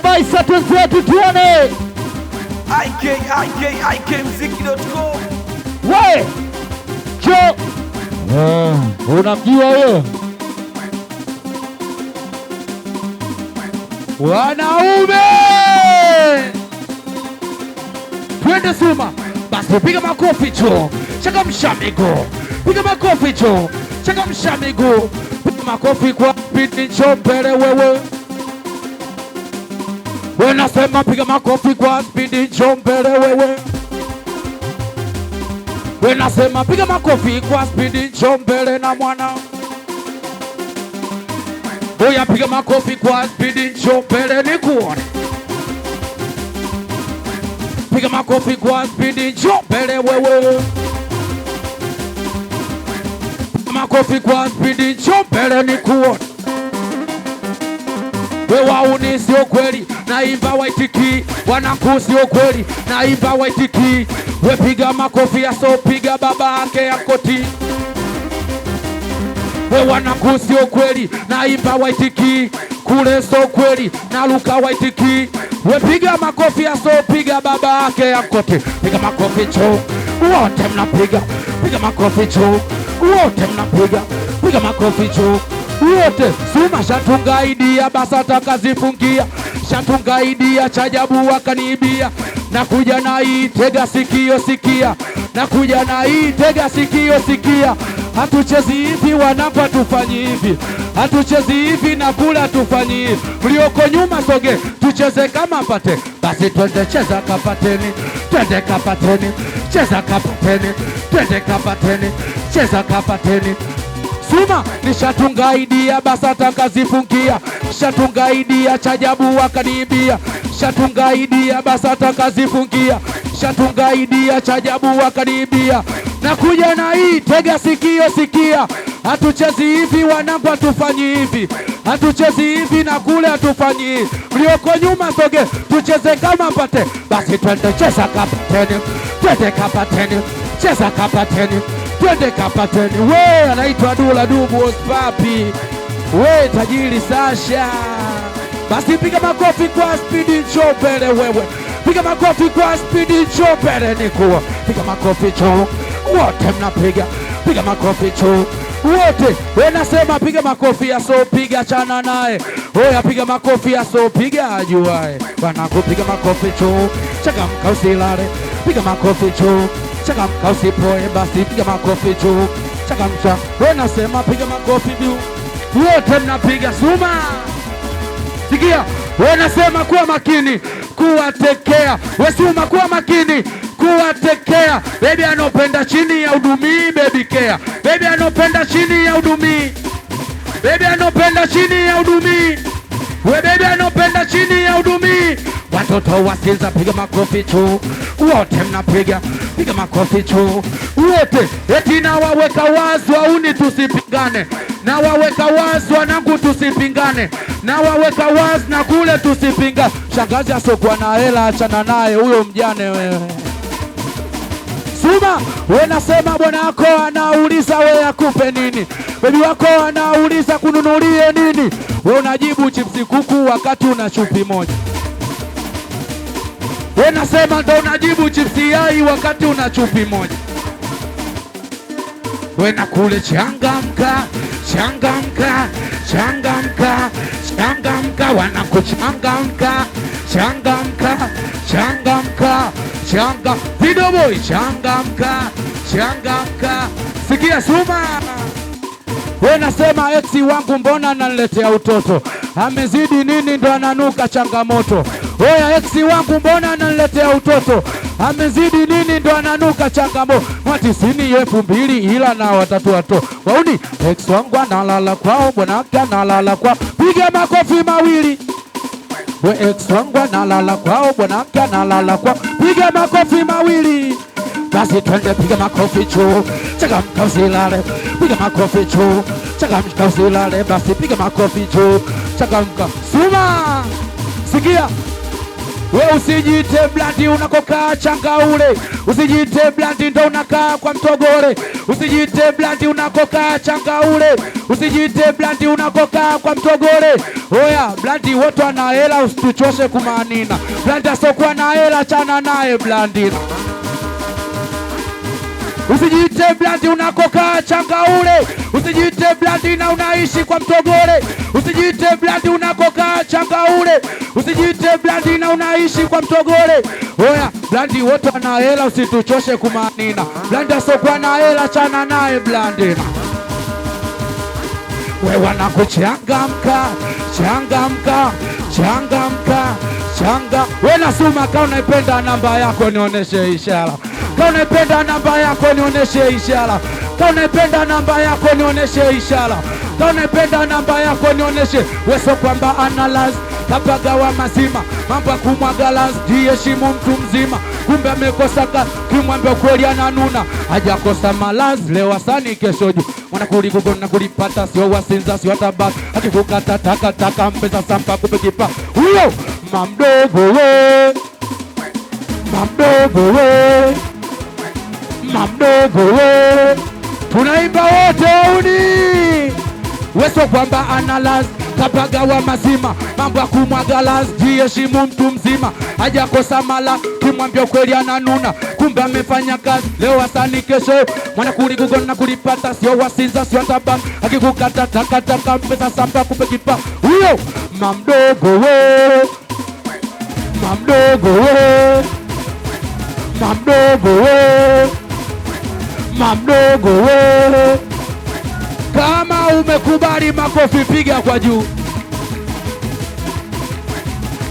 Tabaisa twenzetu tuone IKIKIKMuziki.com. We jo uh, unamjua huyo wanaume, twende Suma basi, piga makofi cho, changamsha miguu, piga makofi cho, changamsha miguu, piga makofi kwa Piti Nchopele wewe Unasema piga makofi kwa spidi, njoo mbele wewe. Unasema piga makofi kwa spidi, njoo mbele na mwana. Oya, piga makofi kwa spidi, njoo mbele nikuone. Piga makofi kwa spidi, njoo mbele wewe. makofi kwa spidi, njoo mbele nikuone wewauni sio kweli, naimba waitiki, wanangu sio kweli, naimba waitiki, wepiga makofi piga baba ake yakoti we wanangu sio kweli, naimba waitiki, kule sio kweli, naluka waitiki, wepiga makofi piga baba ake yakoti, piga makofi cho wote mnapiga, piga makofi cho wote mnapiga, piga makofi cho wote Zuma shatungaidia basa takazifungia shatungaidia chajabu wakaniibia na kuja na hii tega sikio sikia na kuja na hii tega sikio sikia hatuchezi hivi wanapa tufanyi hivi hatuchezi hivi na kula tufanyi hivi mlioko nyuma soge tucheze kama pate basi twende cheza kapateni twende kapateni cheza kapateni twende kapateni cheza kapateni Suma nishatungaidia BASATA nkazifungia, nishatungaidia chajabu wakaniibia, nishatungaidia BASATA nkazifungia, nishatungaidia chajabu wakaniibia. Nakuja na hii, tega sikio, sikia, hatuchezi hivi, wanangu hatufanyi hivi, hatuchezi hivi na kule hatufanyi hivi. Mlioko nyuma soge, tucheze kama pate, basi twende, cheza kapateni, twende kapateni, cheza kapateni twende kapateni. We anaitwa Dula Dubu Ospapi, we tajiri Sasha. Basi piga makofi kwa spidi, njoo wewe, piga makofi kwa spidi, njoo nikuwa, piga makofi cho, wote mnapiga, piga makofi cho wote wenasema piga makofi asiopiga chana naye oya piga makofi asiopiga ajuae wanangu piga makofi cho chagamka usilale piga makofi cho changamka, basi piga makofi juu, changamka wewe, nasema piga makofi juu, wote mnapiga suma. Sikia wewe, nasema kuwa makini, kuwatekea wewe, suma, kuwa makini kuwatekea bebi anopenda chini ya udumii, bebi kea bebi anopenda chini ya udumii, bebi anopenda chini ya udumii, we bebi anopenda chini ya udumii. Watoto wasinza piga makofi tu, wote mnapiga piga makofi juu, wote eti na waweka wazi wauni tusipingane, na waweka wazi wanangu tusipingane, na waweka wazi na kule tusipinga. Shangazi asokuwa na hela achana naye huyo mjane wewe. Suma we nasema bwana wako anauliza we akupe nini, bebi wako anauliza kununulie nini, we unajibu chipsi kuku wakati una chupi moja. We nasema ndo unajibu chipsi yai wakati una chupi moja. Wewe na kule changamka, changamka, changamka, changamka wanakuchangamka, changamka, changamka, changa Video boy changamka, changamka. Sikia Suma. We nasema ex wangu mbona ananiletea utoto? Amezidi nini ndo ananuka changamoto? Oya, eksi wangu mbona ananiletea utoto? Amezidi nini ndo ananuka changamo mwatisini elfu mbili ila na watatu wato wauni eksi wangu analala kwao, bwanake analala kwao, piga makofi mawili. We eksi wangu analala kwao, bwanake analala kwao, piga makofi mawili. Basi twende, piga makofi juu, changamka usilale, piga makofi juu, changamka usilale, basi piga makofi juu, changamka. Suma, sikia We usijite blandi unakokaa Changaule, usijite blandi ndo unakaa kwa mtogore usijite blandi unakokaa Changaule, usijite blandi unakokaa kwa mtogore Oya blandi wote ana hela, usituchoshe kumanina. Blandi asokuwa na hela, chana naye blandi. Usijiite blandi unakokaa Changaule, usijiite blandi na unaishi kwa mtogore, usijiite blandi unakokaa Changaule, usijiite blandi na unaishi kwa mtogore Oya blandi wote wana hela, usituchoshe kumanina. Blandi asokuwa na hela chana naye blandi we wanakuchangamka changamka changamka changa we nasuma suma, unaipenda namba yako nioneshe ishara kama namba yako nionyeshe ishara. Kama namba yako nionyeshe ishara. Kama namba yako nionyeshe weso kwamba analyze kapagawa mazima mambo ya kumwaga lazi, jiheshimu mtu mzima, kumbe amekosa kimwambia kweli ananuna, hajakosa malazi leo asani kesho juu mwanakurigugo na kulipata sio wasinza sio tabaki akikukata takataka mbeza sampa kupikipa huyo mamdogo we mamdogo we na mdogo we, tunaimba wote uni weso kwamba analaz kapagawa mazima mambo ya kumwaga las, jiheshimu mtu mzima, hajakosa mala kimwambia ukweli ananuna, kumbe amefanya kazi leo asani kesho mwana kuligugona kulipata sio wasinza sio taba akikukata takataka mpesa samba kupe kipa huyo mamdogo we mamdogo we mamdogo we kama mdogo wewe. Kama umekubali, makofi piga kwa juu,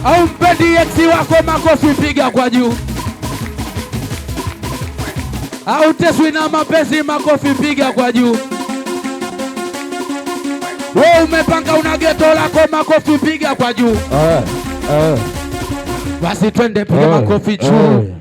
au mpendi DX wako makofi piga kwa juu, au teswi na mapenzi, makofi piga kwa juu. We umepanga una geto lako, makofi piga kwa juu. Eh, eh. Basi twende, piga eh, makofi juu.